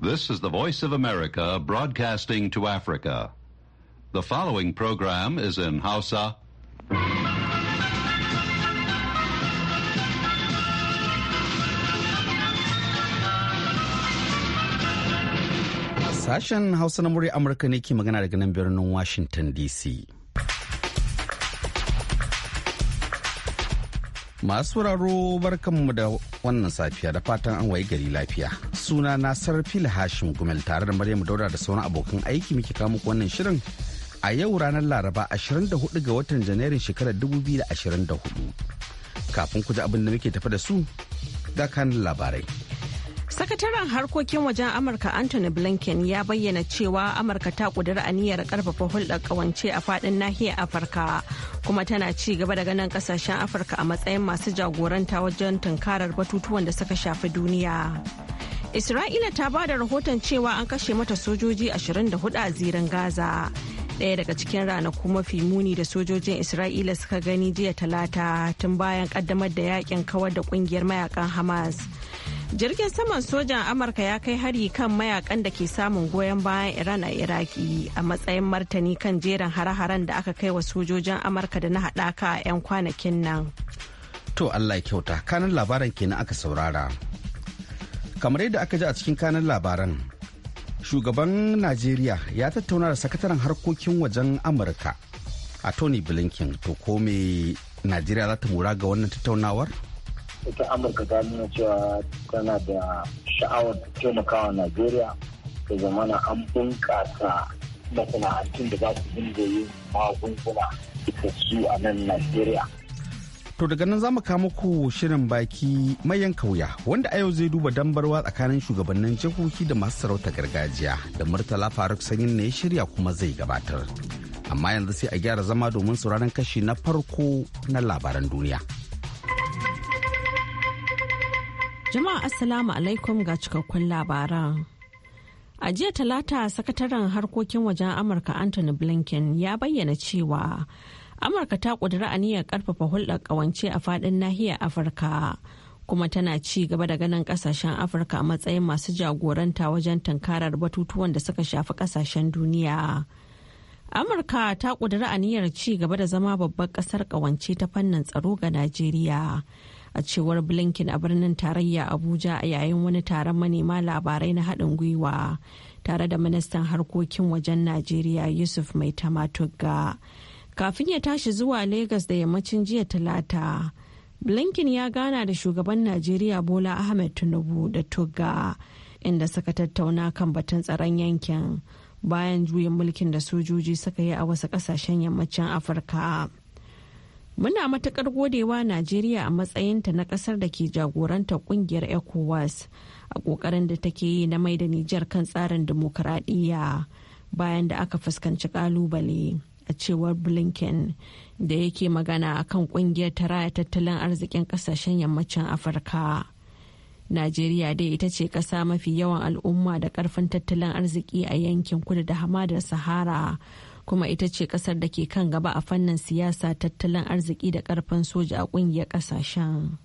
This is the Voice of America broadcasting to Africa. The following program is in Hausa. Sashen Hausa na murya Amurka ne ke magana daga nan birnin Washington DC. Masu sauraro barkanmu da wannan safiya da fatan an wayi gari lafiya. Suna na Sarfil Hashim Gumel tare da Maryam daura da sauran abokan aiki muke kawo muku wannan shirin a yau ranar Laraba 24 ga watan Janairun shekarar 2024. Kafin ku ji abin da muke tafi da su, ga kanin labarai. Sakataren harkokin wajen Amurka Anthony Blinken ya bayyana cewa Amurka ta kudura aniyar karfafa hulɗar ƙawance a faɗin nahiyar Afirka kuma tana ci gaba da ganin ƙasashen Afirka a matsayin masu jagoranta wajen tunkarar batutuwan da suka shafi duniya. Isra'ila ta ba da rahoton cewa an kashe mata sojoji 24 a zirin Gaza. Ɗaya daga cikin ranaku mafi muni da sojojin Isra'ila suka gani jiya talata tun bayan ƙaddamar da yakin kawar da ƙungiyar mayakan Hamas. jirgin saman sojan amurka ya kai hari kan mayakan da ke samun goyon bayan iran a iraki a matsayin martani kan jerin hare-haren da aka kai wa sojojin amurka da na haɗaka a 'yan kwanakin nan to allah kyauta kanan labaran kenan aka saurara kamar yadda aka ji a cikin kanan labaran shugaban najeriya ya tattauna da sakataren harkokin wajen amurka a tony blinken to ko najeriya za ta mura ga wannan tattaunawar ita amurka ta nuna cewa tana da sha'awar taimakawa najeriya ta zamana an bunƙasa masana'antun da za su yin magunguna da su a nan najeriya To daga nan za mu kawo muku shirin baki mayan kauya wanda a yau zai duba dambarwa tsakanin shugabannin jihohi da masu sarauta gargajiya da Murtala Faruk Sanyin ne ya shirya kuma zai gabatar. Amma yanzu sai a gyara zama domin sauraron kashi na farko na labaran duniya. Jama'a Assalamu alaikum ga cikakkun labaran. A jiya talata sakataren harkokin wajen Amurka Anthony Blinken ya bayyana cewa Amurka ta ƙudiri aniyar ƙarfafa hulɗar ƙawance a faɗin nahiyar Afirka kuma tana ci gaba da ganin ƙasashen Afirka a matsayin masu jagoranta wajen tunkarar batutuwan da suka shafi ƙasashen duniya. Amurka ta ƙudiri aniyar ci gaba da zama babbar ƙasar ƙawance ta fannin tsaro ga Najeriya. a cewar blinken a birnin tarayya abuja a yayin wani taron manema labarai na haɗin gwiwa tare da ministan harkokin wajen najeriya yusuf mai tamatugga kafin ya tashi zuwa lagos da yammacin jiya talata blinken ya gana da shugaban najeriya bola ahmed tinubu da tugga inda suka tattauna kan batun tsaron yankin bayan juyin mulkin da sojoji suka yi a wasu kasashen yammacin afirka Muna matuƙar godewa Najeriya a matsayinta na ƙasar da ke jagorantar ƙungiyar ECOWAS a ƙoƙarin da take yi na maida Nijar kan tsarin dimokuraɗiyya bayan da aka fuskanci ƙalubale a cewar Blinken da yake magana a kan ƙungiyar ta raya tattalin arzikin ƙasashen yammacin Afirka. Najeriya dai ita ce ƙasa mafi yawan al'umma da ƙarfin tattalin arziki a yankin kudu da hamadar Sahara. kuma ita ce kasar da ke kan gaba a fannin siyasa tattalin arziki da karfin soja a kungiyar kasashen.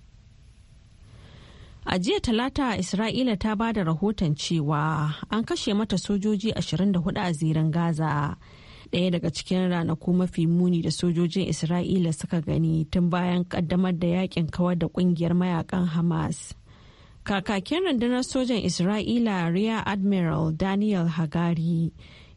A jiya talata Isra'ila ta ba da rahoton cewa an kashe mata sojoji 24 a zirin Gaza. ɗaya daga cikin ranaku mafi muni da sojojin isra'ila suka gani tun bayan kaddamar da yakin kawar da kungiyar mayakan hamas kakakin rundunar sojan isra'ila rear admiral daniel hagari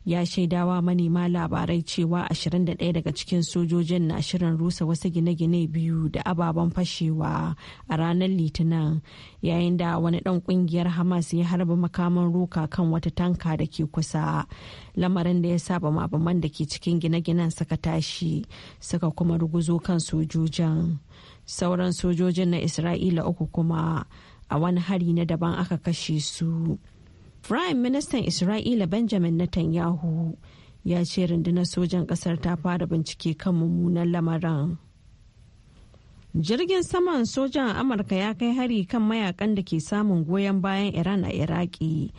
ya shaidawa manema labarai cewa 21 daga cikin sojojin na shirin rusa wasu gine-gine biyu da ababen fashewa a ranar litinin yayin da wani dan kungiyar hamas ya harba makaman roka kan wata tanka da ke kusa lamarin da ya saba mabaman da ke cikin gine-ginen suka tashi suka kuma ruguzo kan sojojin sauran sojojin na isra'ila uku kuma a wani hari na daban aka kashe su. Prime Ministan Isra'ila Benjamin Netanyahu ya ce rundunar sojan ƙasar ta fara bincike kan mummunan lamarin. Jirgin saman sojan Amurka ya kai hari kan mayakan da ke samun goyon bayan Iran a Iraki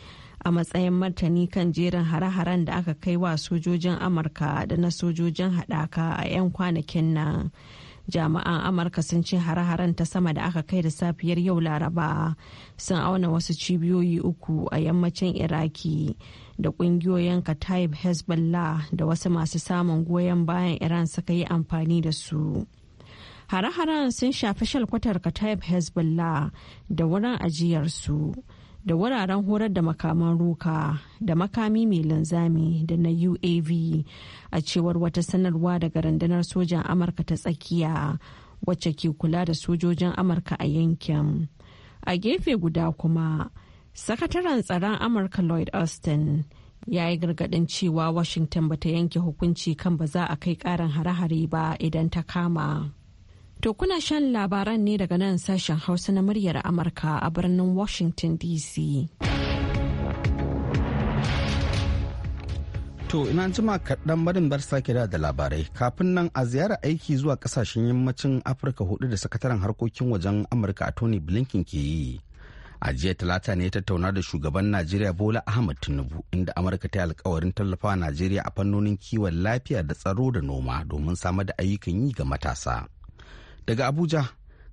a matsayin martani kan jerin hare-haren da aka kai wa sojojin Amurka da na sojojin haɗaka a 'yan kwanakin nan. jami'an amurka sun ci hare-haren ta sama da aka kai da safiyar yau laraba sun auna wasu cibiyoyi uku a yammacin iraki da kungiyoyin kataib hezbollah da wasu masu samun goyon bayan iran suka yi amfani da su hare-haren sun shafi shalkwatar kataib hezbollah da wurin ajiyarsu. su da wuraren horar da makaman roka da makami mai linzami da na uav a cewar wata sanarwa daga rundunar sojan amurka ta tsakiya wacce ke kula da sojojin amurka a yankin a gefe guda kuma sakataren tsaron amurka lloyd austin ya yi gargadin cewa washington bata yanke hukunci kan ba za a kai karin hare-hare ba idan ta kama To kuna shan labaran ne daga nan sashen Hausa na muryar Amurka a birnin Washington DC. To ina jima kaɗan barin bar sake da labarai kafin nan a ziyara aiki zuwa ƙasashen yammacin Afirka hudu da sakataren harkokin wajen Amurka a Tony Blinken ke yi. A jiya talata ne ya tattauna da shugaban Najeriya Bola Ahmed Tinubu inda Amurka ta yi alkawarin tallafawa Najeriya a fannonin kiwon lafiya da tsaro da noma domin samar da ayyukan yi ga matasa. Daga Abuja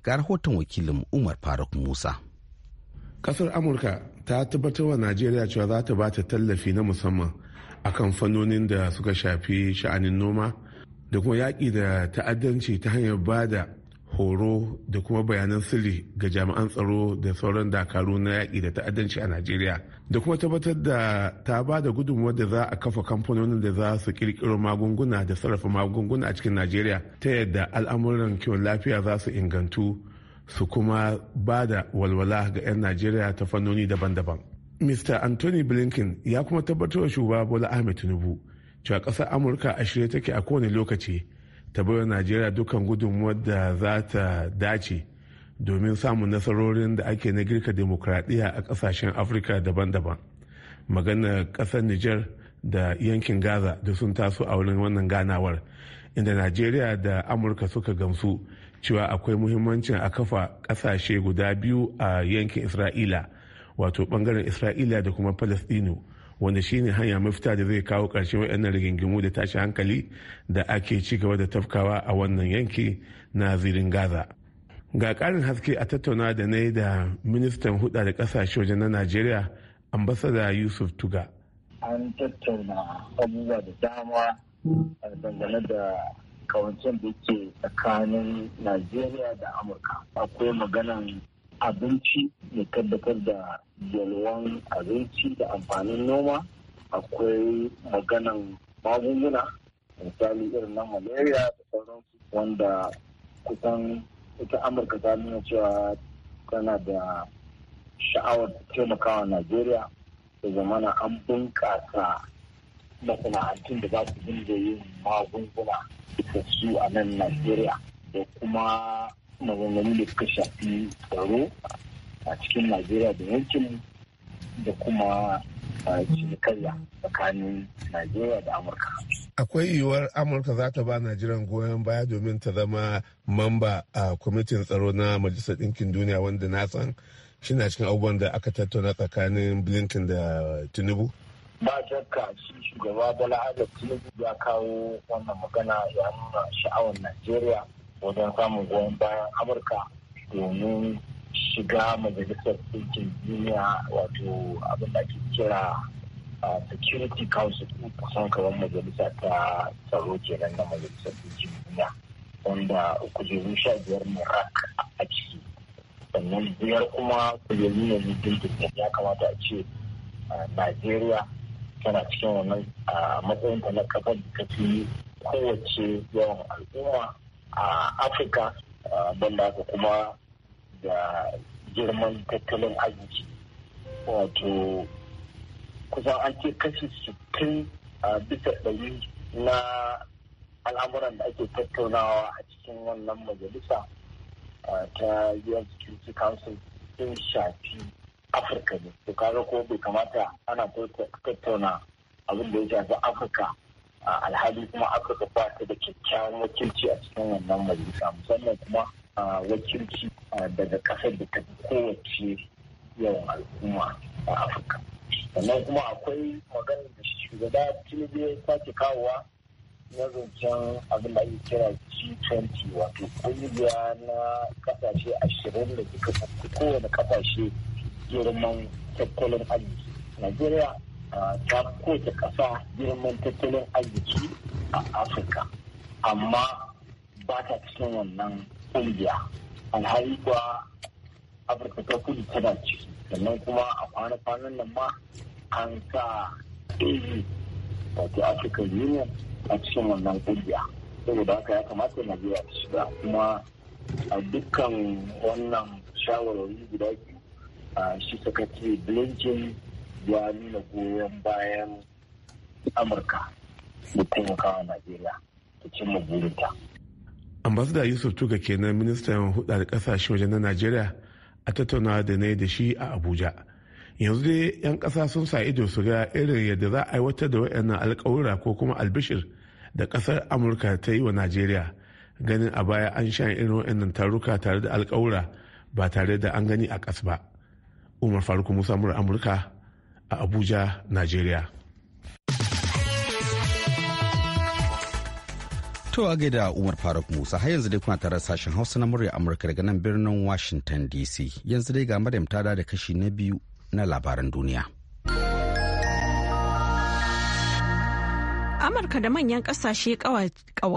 ga rahoton wakilin Umar Faruk Musa. Kasar Amurka ta tabbatar wa Najeriya cewa za ta ba ta tallafi na musamman akan fannonin da suka shafi sha'anin noma da kuma yaƙi da ta'addanci ta hanyar ba da horo da kuma bayanan sirri ga jami'an tsaro da sauran dakaru na yaƙi da ta'addanci a najeriya da kuma tabbatar da ta ba da gudunmuwar da za a kafa kamfanonin da za su kirkiro magunguna da sarrafa magunguna a cikin najeriya ta yadda al'amuran kiwon lafiya za su ingantu su kuma ba da walwala ga 'yan najeriya ta fannoni daban-daban mr anthony blinken ya kuma tabbatar wa shugaba bola ahmed tinubu cewa ƙasar amurka a shirye take a kowane lokaci ta bar najeriya dukkan gudunmuwar da za ta dace domin samun nasarorin da ake na girka demokradiyya a kasashen afirka daban-daban magana kasar niger da yankin gaza da sun taso a wurin wannan ganawar inda najeriya da amurka suka gamsu cewa akwai muhimmancin a kafa kasashe guda biyu a yankin isra'ila wato bangaren isra'ila da kuma palestino wanda shine hanya mafita da zai kawo ƙarshen waɗannan rigingimu da tashi hankali da ake ci gaba da tafkawa a wannan yanki na zirin gaza ga karin haske a tattauna da na yi da ministan huda da ƙasashe wajen na najeriya ambasada yusuf tuga an tattauna abubuwa da dama a eh, dangane da kawancin da ke tsakanin najeriya da amurka akwai maganan abinci ya tabbatar da yalwan abinci da amfanin noma akwai maganan magunguna misali irin na malaria da sauransu wanda kusan ita amurka ta nuna cewa tana da sha'awar taimakawa najeriya da zamana an bunƙasa masana'antun da za su dinga yin magunguna da su a nan najeriya da kuma maganganu da suka shafi tsaro a cikin najeriya da yankin da kuma a cinikayya tsakanin najeriya da amurka akwai yiwuwar amurka za ta ba najeriya goyon baya domin ta zama mamba a kwamitin tsaro na majalisar ɗinkin duniya wanda na san shi na cikin abubuwan da aka tattauna tsakanin blinken da tinubu ba shakka shi shugaba bala tinubu ya kawo wannan magana ya nuna sha'awar najeriya wajen samun goyon bayan amurka domin shiga majalisar ɗinkin duniya wato abin da ake kira security council kusan kamar majalisa ta tsaro kenan na majalisar ɗinkin duniya wanda kujeru sha biyar ne rak a ciki sannan biyar kuma kujeru ne na dindindin ya kamata a ce najeriya tana cikin wannan matsayin ta na kafar da ta fi kowace yawan al'umma a afirka banda haka kuma da girman tattalin arziki wato kusan an ce kashi sittin a bisa ɗari na al'amuran da ake tattaunawa a cikin wannan majalisa ta UN Security Council sun shafi Afirka ne. To kaga ko bai kamata ana tattauna abin da ya shafi Afirka alhali kuma aka ba ta da kyakkyawan wakilci a cikin wannan majalisa musamman kuma wakilci daga kasar da ta kowace yawan al'umma a afirka sannan kuma akwai maganar da shugaba tinubu ya sake kawowa na zancen abin da ake kira G20 wato kungiya na kasashe ashirin da suka kowane kasashe girman tattalin arziki. Najeriya ta kowace ƙasa girman tattalin arziki a afirka amma ba ta cikin wannan ƙungiya alhari kuwa afirka ta kudu tana ciki sannan kuma a kwana-kwanan nan ma an sa au wato Afirka union a cikin wannan ƙungiya saboda haka ya kamata na najeriya ta shiga kuma a dukkan wannan shawarwari guda biyu shi sakatare blinken ya nuna goyon bayan amurka da taimakawa najeriya da cimma burinta ambasada yusuf tuga kenan ministan hudar kasashe wajen na najeriya a tattaunawa da na da shi a abuja yanzu dai 'yan kasa sun sa ido su ga irin yadda za a aiwatar da waɗannan alkawura ko kuma albishir da kasar amurka ta yi wa najeriya ganin a baya an sha irin wayannan taruka tare da alkawura ba tare da an gani a kas ba umar faruk musa mur'a amurka a Abuja, Najeriya. To a gaida Umar Faruk Musa har yanzu dai kuna tare sashen Hausa na murya Amurka daga nan birnin Washington DC. Yanzu dai ga Maryam ta da kashi na biyu na labaran duniya. amurka da manyan kasashe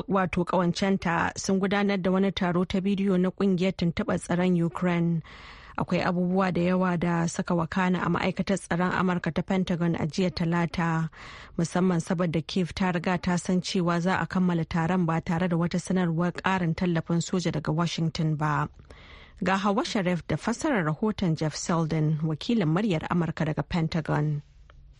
wato kawancenta sun gudanar da wani taro ta bidiyo na kungiyar tuntuɓar tsaron ukraine akwai abubuwa da yawa da suka wakana a ma'aikatar tsaron amurka ta pentagon a jiya talata musamman saboda kiev ta riga ta san cewa za a kammala taron ba tare da wata sanarwar ƙarin tallafin soja daga washington ba ga hawa sharif da fassarar rahoton jeff selden wakilin muryar amurka daga pentagon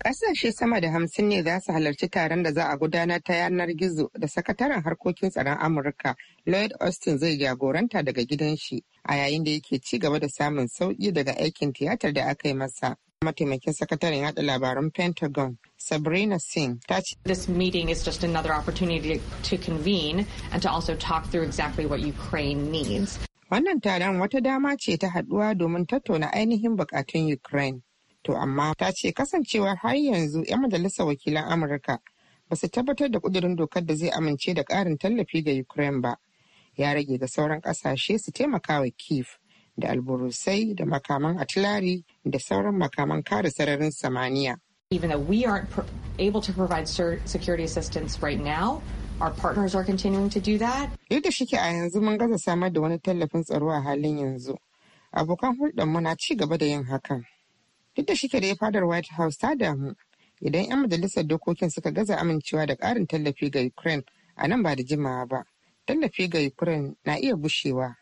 Ƙasashe sama da hamsin ne za su halarci taron da za a gudanar ta yanar gizo da sakataren harkokin tsaron Amurka Lloyd Austin zai jagoranta daga gidan shi a yayin da yake ci gaba da samun sauƙi daga aikin tiyatar da aka yi masa. Mataimakin sakataren yada labarun Pentagon Sabrina Singh ta ce. This meeting is just another opportunity to convene and to also talk through exactly what Ukraine needs. Wannan taron wata dama ce ta haɗuwa domin tattauna ainihin bukatun Ukraine. To amma ta ce kasancewar har yanzu 'yan majalisar wakilan Amurka ba su tabbatar da kudurin dokar da zai amince da karin tallafi ga Ukraine ba. Ya rage ga sauran kasashe su taimaka wa Kiev da alburusai da makaman atilari da sauran makaman kare sararin samaniya. Even though we aren't able to provide security assistance right now, our partners are continuing to do that. Duk da shike a yanzu mun gaza samar da wani tallafin tsaro a halin yanzu. Abokan hulɗar mu na ci gaba da yin hakan. Duk da shike dai fadar White House ta damu idan 'yan majalisar dokokin suka gaza amincewa da karin tallafi ga Ukraine a nan ba da jimawa ba. Tallafi ga Ukraine na iya bushewa.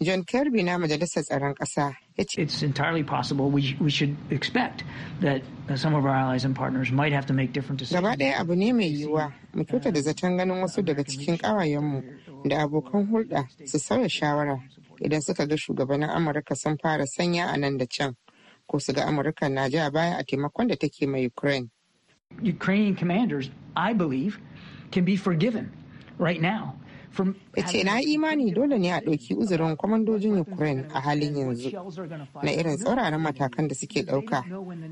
John Kirby na Majalisar Tsaron Ƙasa ya ce. It's entirely possible we, we should expect that uh, some of our allies and partners might have to make different decisions. Gaba ɗaya abu ne mai yiwuwa mu kyauta da zaton ganin wasu daga cikin ƙawayenmu da abokan hulɗa su sauya shawara idan suka ga shugabannin Amurka sun fara sanya a nan da can ko su ga amurka na ja baya a taimakon da take mai ukraine ukrainian commanders i believe can be forgiven right now ce na imani dole ne a ɗauki uzurin kwamandojin ukraine a halin yanzu na irin tsauraran matakan da suke ɗauka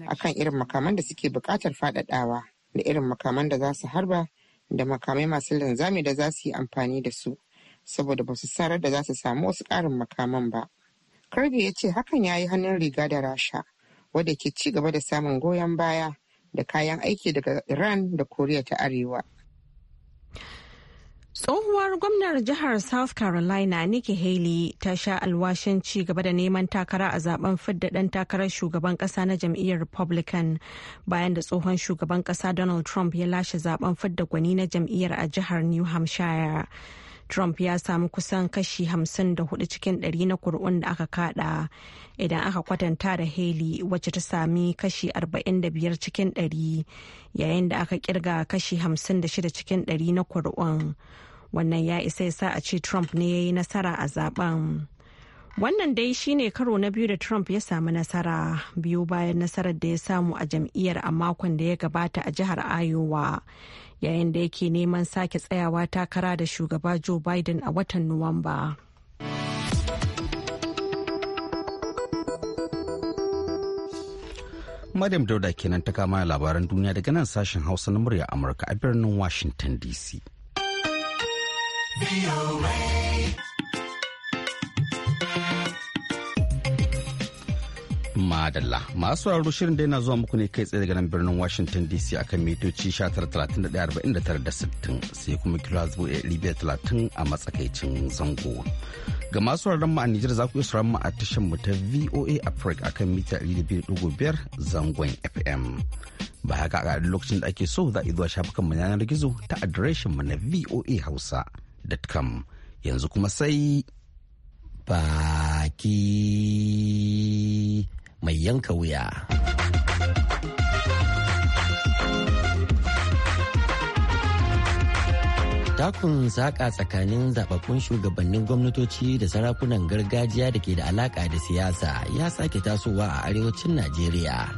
akan irin makaman da suke buƙatar faɗaɗawa da irin makaman da za su harba da makamai masu linzami da za su yi amfani da su saboda ba su sarar da za su samu wasu ƙarin makaman ba kirby ya ce hakan ya yi hannun riga da rasha wadda ke ci gaba da samun goyon baya da kayan aiki daga iran da koriya ta arewa Tsohuwar gwamnar jihar South Carolina Nikki Haley ta sha alwashin ci gaba da neman takara a zaben fidda ɗan takarar shugaban ƙasa na jam'iyyar Republican bayan da tsohon shugaban ƙasa Donald Trump ya lashe zaben fidda gwani na jam'iyyar a jihar New Hampshire. Trump ya samu kusan kashi 54 cikin 100 na kuri'un da aka kada idan aka kwatanta da Haley wacce ta sami kashi 45 cikin 100 yayin da aka kirga kashi 56 cikin 100 na kur'un. Wannan ya isa sa a ce Trump ne ya yi nasara a zaben. Wannan dai shine karo na biyu da Trump ya samu nasara biyu bayan nasarar da ya samu a jam'iyyar a makon da ya gabata a jihar Iowa yayin da yake neman sake tsayawa takara da shugaba joe biden a watan nuwamba madam dauda kenan ta kama labaran duniya daga nan sashen hausa na murya amurka a birnin washington dc Madalla. Masu sauraro shirin da yana zuwa muku ne kai tsaye daga nan birnin Washington DC akan mitoci 1939-60 sai kuma kilo talatin a matsakaicin zango. Ga masu sauraron mu a Nijar za ku iya sauraron mu a tashar mu ta VOA Africa akan mita 200.5 zangon FM. Ba haka a lokacin da ake so za a zuwa shafukan mu yanar gizo ta adireshin mu na voahausa.com yanzu kuma sai baki mai yanka wuya. Takun saƙa tsakanin zaɓaɓɓun shugabannin gwamnatoci da sarakunan gargajiya da ke da alaƙa da siyasa ya sake tasowa a arewacin Najeriya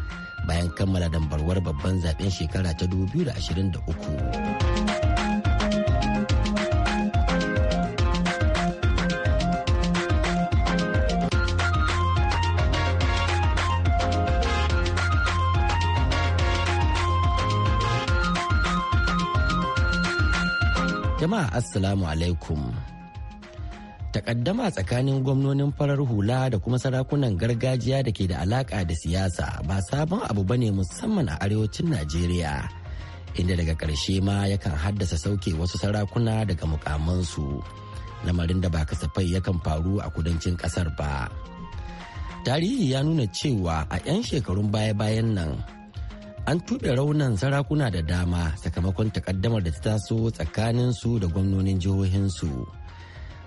bayan kammala dambarwar babban zaɓen shekara ta 2023. Jama'a Assalamu alaikum. Takaddama tsakanin gwamnonin farar hula da kuma sarakunan gargajiya da ke da alaka da siyasa ba sabon abu bane musamman a arewacin Najeriya. Inda daga ƙarshe ma yakan haddasa sauke wasu sarakuna daga mukamansu. Lamarin da ba kasafai yakan faru a kudancin ƙasar ba. Tarihi ya nuna cewa a 'yan shekarun baya-bayan nan an tuɓe raunan sarakuna da dama sakamakon takaddamar da ta taso tsakanin su da gwamnonin jihohinsu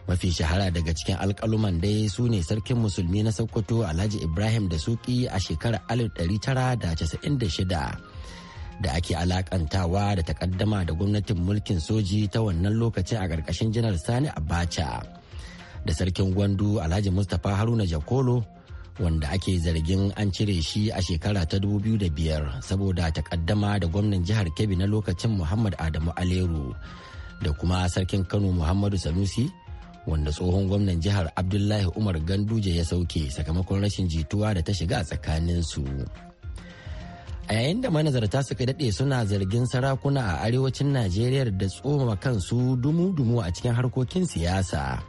mafi shahara daga cikin alkaluman dai su ne sarkin musulmi na sokoto alhaji ibrahim da suki a shekarar 1996 da ake alakantawa da takaddama da gwamnatin mulkin soji ta wannan lokacin a ƙarƙashin janar sani abacha da sarkin gwandu alhaji mustapha haruna jakolo wanda ake zargin an cire shi a shekara ta 2005 saboda takaddama da gwamnan jihar kebbi na lokacin muhammad adamu aleru da kuma sarkin kano muhammadu sanusi wanda tsohon gwamnan jihar abdullahi umar ganduje ya sauke sakamakon rashin jituwa da ta shiga a tsakaninsu a yayin da manazarta suka daɗe suna zargin sarakuna a arewacin najeriya da tsoma kansu dumu-dumu a cikin harkokin siyasa.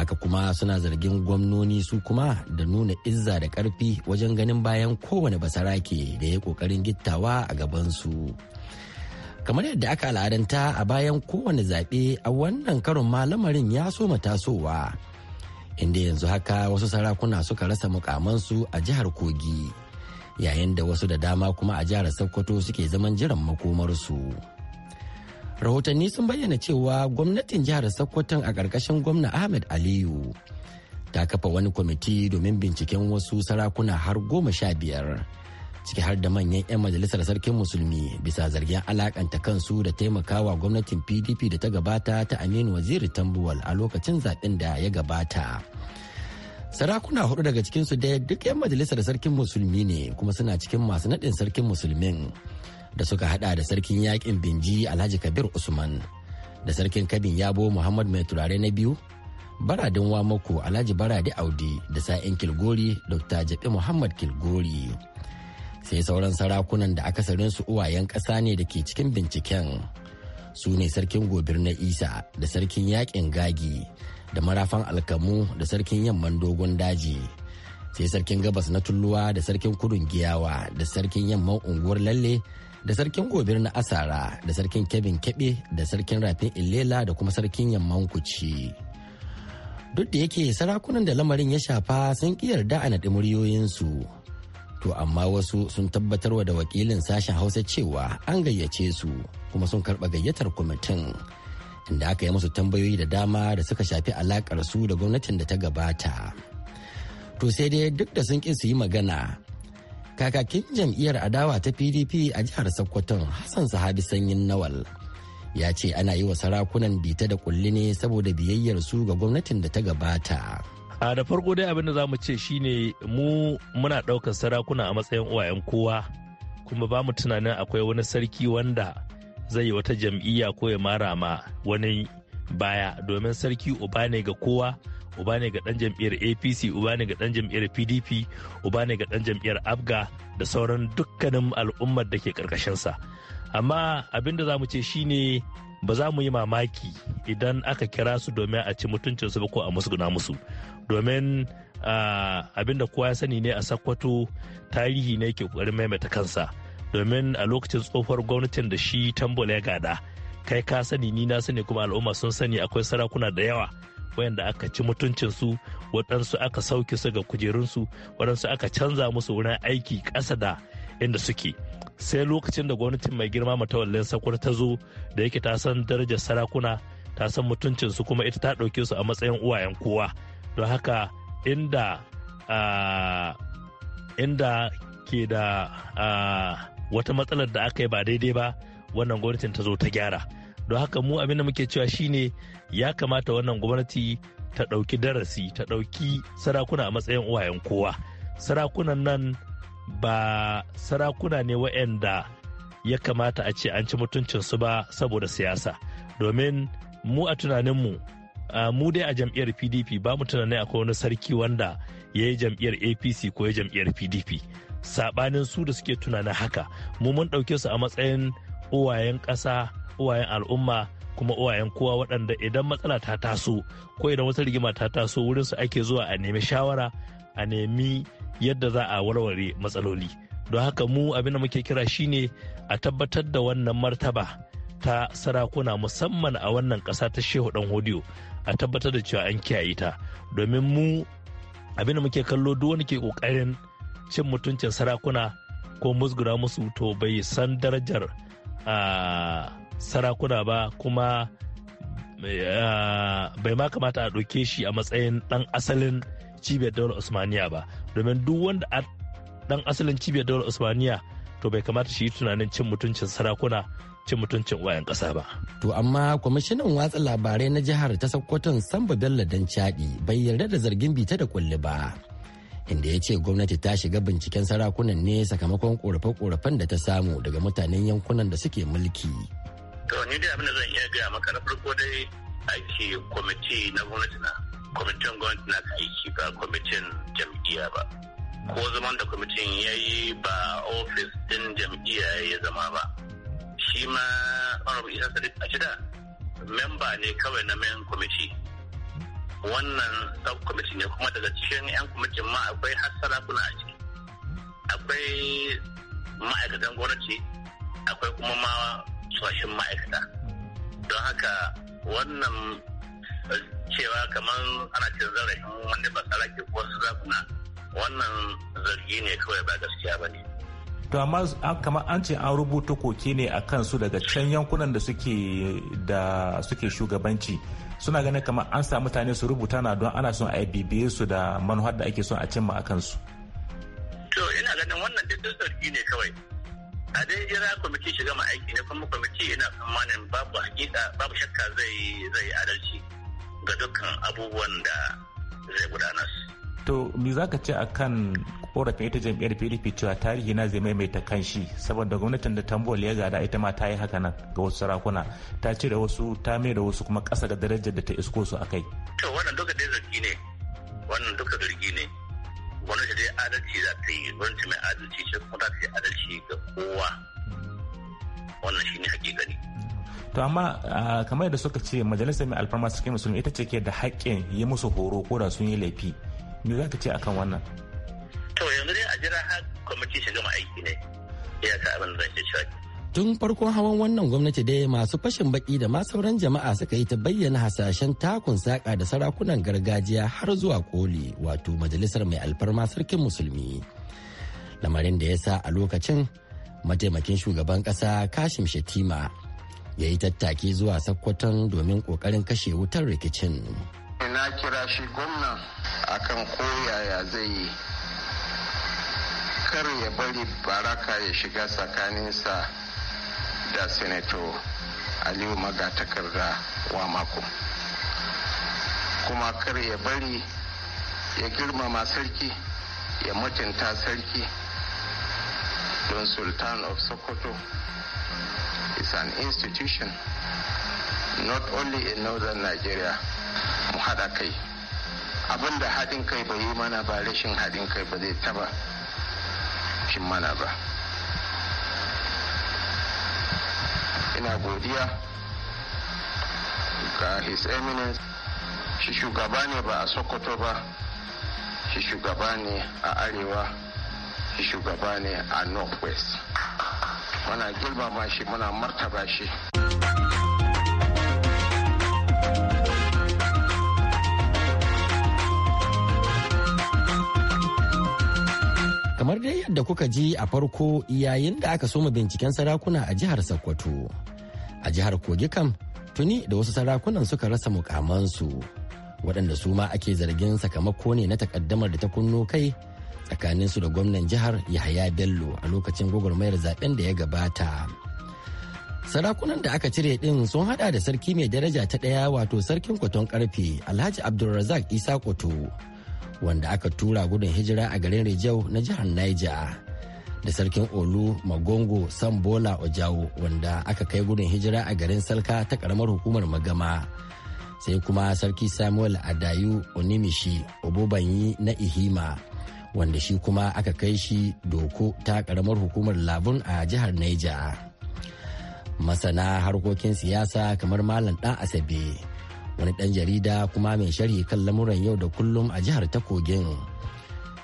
haka kuma suna zargin gwamnoni su kuma da nuna izza da karfi wajen ganin bayan kowane basarake da ya kokarin gittawa a gabansu kamar yadda aka al'adanta a bayan kowane zaɓe a wannan karon ma lamarin ya so matasowa inda yanzu haka wasu sarakuna suka rasa mukamansu a jihar kogi yayin da wasu da dama kuma a jihar sokoto suke zaman jiran makomarsu. su rahotanni sun bayyana cewa gwamnatin jihar sokoton a ƙarƙashin gwamna ahmed aliyu ta kafa wani kwamiti domin binciken wasu sarakuna har goma sha biyar ciki har da manyan 'yan majalisar sarkin musulmi bisa zargin alakanta kansu da taimakawa gwamnatin pdp da ta gabata ta aminu waziri tambuwal a lokacin zaɓen da ya gabata sarakuna hudu daga cikinsu dai duk 'yan majalisar sarkin musulmi ne kuma suna cikin masu naɗin sarkin musulmin da suka hada da sarkin yakin binji alhaji kabir usman da sarkin kabin yabo muhammad mai turare na biyu baradin wamako alhaji baradi audi da sa'in kilgori dr jabi muhammad kilgori sai sauran sarakunan da akasarin su uwayen ƙasa ne da ke cikin binciken su ne sarkin gobir na isa da sarkin yakin gagi da marafan alkamu da sarkin yamman dogon daji sai sarkin gabas na tulluwa da sarkin kudun giyawa da sarkin yamman unguwar lalle da sarkin gobir na asara da sarkin kebin kebe da sarkin rafin ilela da kuma sarkin yamman kuci duk da yake sarakunan da lamarin ya shafa sun ki yarda a naɗi muryoyinsu to amma wasu sun tabbatarwa da wakilin sashen hausa cewa an gayyace su kuma sun karɓa gayyatar kwamitin inda aka yi musu tambayoyi da dama da suka shafi alakar su da gwamnatin da ta gabata to sai dai duk da sun ƙi su yi magana kakakin jam'iyyar adawa ta pdp a jihar sokoton hassan sahabi sanyin nawal ya ce ana yi wa sarakunan bita da kulli ne saboda biyayyar su ga gwamnatin da ta gabata a da farko dai abin da za mu ce shine mu muna ɗaukar sarakuna a matsayin uwayen kowa kuma ba mu tunanin akwai wani sarki wanda zai yi wata jam'iyya ko ya mara ma wani baya domin sarki uba ne ga kowa uba ne ga dan jam'iyyar apc uba ne ga dan jam'iyyar pdp uba ne ga dan jam'iyyar abga da sauran dukkanin al'ummar da ke karkashinsa amma abin da za mu ce shine ba za mu yi mamaki idan aka kira su domin a ci mutuncinsu ba ko a musguna musu domin abin da kowa ya sani ne a sakwato tarihi ne ke kokarin maimaita kansa domin a lokacin tsofar gwamnatin da shi tambola ya gada kai ka sani ni na sani kuma al'umma sun sani akwai sarakuna da yawa yadda aka ci mutuncinsu waɗansu aka sauke su ga kujerunsu waɗansu aka canza musu wurin aiki ƙasa da inda suke sai lokacin da gwamnatin mai girma matawallin sakwar ta zo da yake ta san darajar sarakuna ta san mutuncinsu kuma ita ta ɗauke su a matsayin uwayen kowa don haka inda inda ke da wata matsalar da aka yi ba daidai ba wannan gwamnatin ta zo ta gyara don haka mu abin da muke cewa shine ya kamata wannan gwamnati ta ɗauki darasi ta ɗauki sarakuna a matsayin uwayen kowa sarakunan nan ba sarakuna ne waɗanda ya kamata a ce an ci mutuncinsu ba saboda siyasa domin mu a tunaninmu mu dai a jam'iyyar pdp ba mu tunanin akwai wani sarki wanda ya yi jam'iyyar apc ko ya jam'iyyar pdp saɓanin su da suke tunanin haka mu mun ɗauke su a matsayin uwayen ƙasa uwayen al'umma kuma uwayen kowa waɗanda idan matsala ta taso ko idan wata rigima ta taso wurin su ake zuwa a nemi shawara a nemi yadda za a warware matsaloli don haka mu abin da muke kira shine a tabbatar da wannan martaba ta sarakuna musamman a wannan ƙasa ta shehu dan hodiyo a tabbatar da cewa an kiyaye ta domin mu abin da muke kallo duk wani ke ƙoƙarin cin mutuncin sarakuna ko musgura musu to bai san darajar a ah, sarakuna ba kuma eh, bai ma kamata a ɗauke shi a matsayin ɗan asalin cibiyar daular usmaniya ba domin duk wanda a ɗan asalin cibiyar daular usmaniya to bai kamata shi yi tunanin cin mutuncin sarakuna cin mutuncin wayan ƙasa ba. To amma kwamishinan watsa labarai na jihar ta Sokoton Samba Bello dan Chadi bai yarda da zargin bita da kulli ba. Inda ya ce gwamnati ta shiga binciken sarakunan ne sakamakon korafe-korafen da ta samu daga mutanen yankunan da suke mulki. to ni dai abin da zan iya gaya maka na farko dai aiki kwamiti na gwamnati na kwamitin gwamnati na aiki ba kwamitin jam'iyya ba ko zaman da kwamitin ya yi ba ofis din jam'iyya ya zama ba shi ma honorable isa sadiq a shida memba ne kawai na main kwamiti wannan sub kwamiti ne kuma daga cikin 'yan kwamitin ma akwai hassara kuna a ciki akwai ma'aikatan gwamnati akwai kuma ma tsohon ma'aikata don haka wannan eh, cewa kamar ana cin zarafin wanda ba basara ke wasu zakuna wannan zargi ne kawai ba gaskiya ba ne to amma kamar an ce an rubuta koke ne a kansu daga can yankunan da suke da suke shugabanci suna ganin kamar an sa mutane su rubuta na don ana son a bibiye su da manuhar da ake son a cimma a kansu to ina ganin wannan duk zargi ne kawai a dai jira kwamiti shiga ma aiki ne kuma kwamiti yana tsammanin babu hakika babu shakka zai zai adalci ga dukkan abubuwan da zai gudana su to me zaka ce a kan korafin ita jam'iyyar pdp cewa tarihi na zai maimaita kan shi saboda gwamnatin da tambol ya gada ita ma ta yi haka nan ga wasu sarakuna ta cire wasu ta mai da wasu kuma ƙasa ga darajar da ta isko su akai to wannan duka dai zargi ne wannan duka zargi ne adalci za ta yi gwamnati mai adalci ce kuma za ta yi adalci ga kowa wannan shine gani to amma kamar yadda suka ce majalisar mai alfarma sarki musulmi ita ce ke da haƙƙin yi musu horo ko da sun yi laifi me za ka ce akan wannan to yanzu dai a jira har kwamiti shiga ma aiki ne ya sa abin da zan ce cewa tun farkon hawan wannan gwamnati dai masu fashin baki da ma sauran jama'a suka yi ta bayyana hasashen takun saƙa da sarakunan gargajiya har zuwa koli wato majalisar mai alfarma sarkin musulmi lamarin da ya sa a lokacin mataimakin shugaban ƙasa kashim shetima ya yi tattaki zuwa sakkwaton domin ƙoƙarin kashe wutar rikicin na kira shi gwamna akan koyaya zai yi kar ya bari baraka ya shiga tsakaninsa da senator aliyu magatakarda wa mako kuma kar ya bari ya girmama sarki ya mutunta sarki don sultan of sokoto is an institution not only in northern nigeria mu haɗa kai abinda haɗin kai bai yi mana ba rashin haɗin kai ba zai taba cin mana ba ina godiya ga his eminence shi shugaba ne ba a sokoto ba shi shugaba ne a arewa shi shugaba ne a northwest muna girmama shi muna martaba shi kamar dai yadda kuka ji a farko yayin da aka soma binciken sarakuna a jihar sokoto a jihar kogi kam tuni da wasu sarakunan suka rasa mukamansu waɗanda su ma ake zargin sakamako ne na takaddamar da ta kunno kai tsakanin su da gwamnan jihar yahaya bello a lokacin gwagwarmayar zaben da ya gabata sarakunan da aka cire ɗin sun haɗa da sarki mai daraja ta ɗaya wato sarkin kwaton karfe alhaji abdulrazak isa kwato wanda aka tura gudun hijira a garin Rijau na jihar Niger. Da sarkin Olu Magongo Sambola Ojawo wanda aka kai gudun hijira a garin Salka ta karamar hukumar Magama. Sai kuma sarki Samuel Adayu Onimishi Obobanyi na Ihima wanda shi kuma aka kai shi doko ta karamar hukumar Labun a jihar Niger. Masana harkokin siyasa kamar Malam Dan Asabe. wani ɗan jarida kuma mai sharhi kan lamuran yau da kullum a jihar ta kogin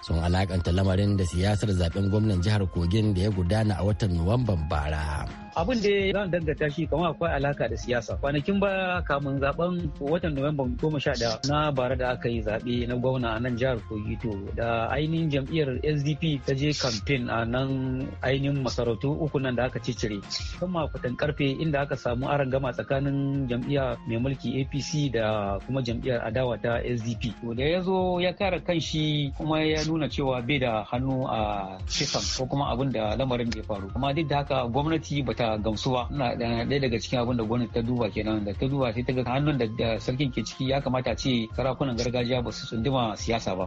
sun alakanta lamarin da siyasar zaben gwamnan jihar kogin da ya gudana a watan nuwamban bara. abin da zan dangata shi kamar akwai alaka da siyasa kwanakin ba kamun zaben watan nuwamba goma sha daya na bara da aka yi zaɓe na gwamna a nan jihar kogi to da ainihin jam'iyyar sdp ta je kamfen a nan ainihin masarautu uku nan da aka cicire kan makwatan karfe inda aka samu gama tsakanin jam'iyya mai mulki apc da kuma jam'iyyar adawa ta sdp to da ya zo ya kare kanshi kuma ya nuna cewa bai da hannu a kisan ko kuma abin da lamarin bai faru amma duk da haka gwamnati bata ta gamsuwa na ɗaya daga cikin abin da gwamnati ta duba kenan da ta duba sai ta ga hannun da sarkin ke ciki ya kamata ce sarakunan gargajiya ba su tsunduma siyasa ba.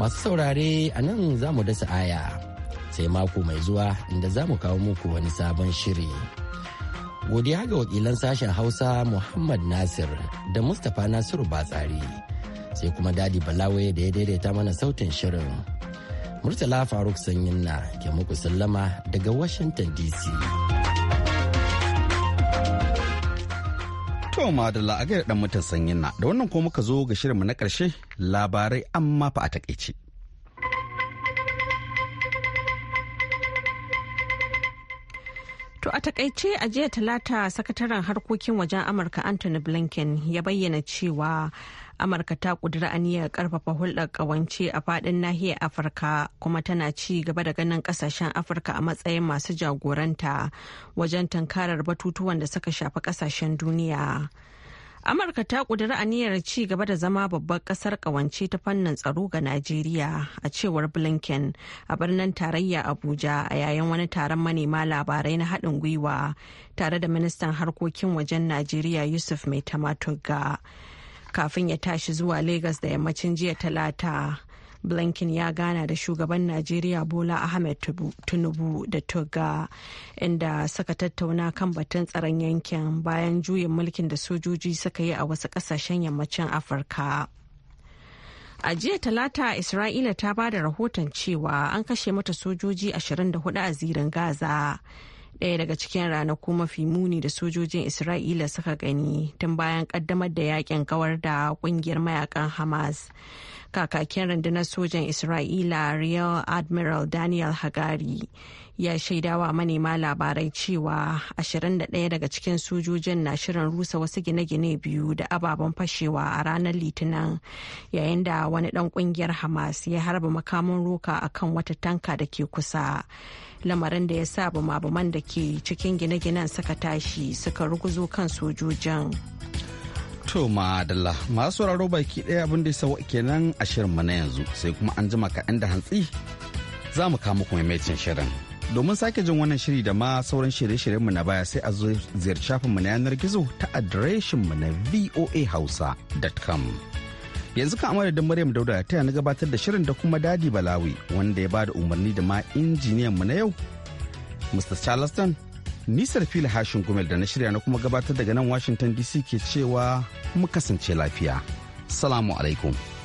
Masu saurare a nan za mu dasa aya sai mako mai zuwa inda za mu kawo muku wani sabon shiri. Godiya ga wakilan sashen Hausa Muhammad Nasir da Mustapha Nasiru Batsari. sai kuma dadi balawe da ya daidaita mana sautin shirin murtala faruk sanyin na ke muku sallama daga washington dc to madalla a gaira dan mutan sanyin na da wannan ko muka zo ga shirinmu na karshe labarai amma fa a takaice To a takaice a jiya talata sakataren harkokin wajen Amurka Anthony Blinken ya bayyana cewa amurka ta kudura aniyar karfafa hulɗar ƙawance a fadin nahiyar afirka kuma tana ci gaba da ganin ƙasashen afirka a matsayin masu jagoranta wajen tunkarar batutuwan da suka shafi ƙasashen duniya amurka ta kudura aniyar ci gaba da zama babbar ƙasar ƙawance ta fannin tsaro ga najeriya a cewar blinken a birnin tarayya abuja a yayin wani taron manema labarai na haɗin gwiwa tare da ministan harkokin wajen najeriya yusuf mai tamatuga kafin ya tashi zuwa Legas da yammacin jiya talata. blinken ya gana da shugaban najeriya bola ahmed tinubu da toga inda suka tattauna kan batun tsaron yankin bayan juyin mulkin da sojoji suka yi a wasu kasashen yammacin afirka a jiya talata isra'ila ta ba da rahoton cewa an kashe mata sojoji 24 a zirin gaza daya daga cikin ranaku mafi muni da sojojin isra'ila suka gani tun bayan kaddamar da yakin kawar da kungiyar mayakan hamas kakakin rundunar sojan isra'ila real admiral daniel hagari ya shaidawa manema labarai cewa 21 daga cikin sojojin na shirin rusa wasu gine-gine biyu da ababen fashewa a ranar litinin yayin da wani dan kungiyar hamas ya harba makamin roka akan wata tanka da ke kusa lamarin da ya sa bumabuman da ke cikin gine-ginen suka tashi suka ruguzo kan sojojin To dala masu sauraro baki ɗaya abin da ya sawa kenan a shirinmu na yanzu sai kuma an jima kaɗan da hantsi za mu kama kuma maimaitin shirin. Domin sake jin wannan shiri da ma sauran shirye-shiryenmu na baya sai a zo ziyarci shafinmu na yanar gizo ta adireshinmu na voahausa.com. Yanzu kan amara da Maryam Dauda ta yana gabatar da shirin da kuma Dadi Balawi wanda ya bada umarni da ma injiniyanmu na yau. Mr. Charleston, nisar fili hashin gumel da na shirya na kuma gabatar daga nan Washington DC ke cewa mu kasance lafiya. Salamu alaikum.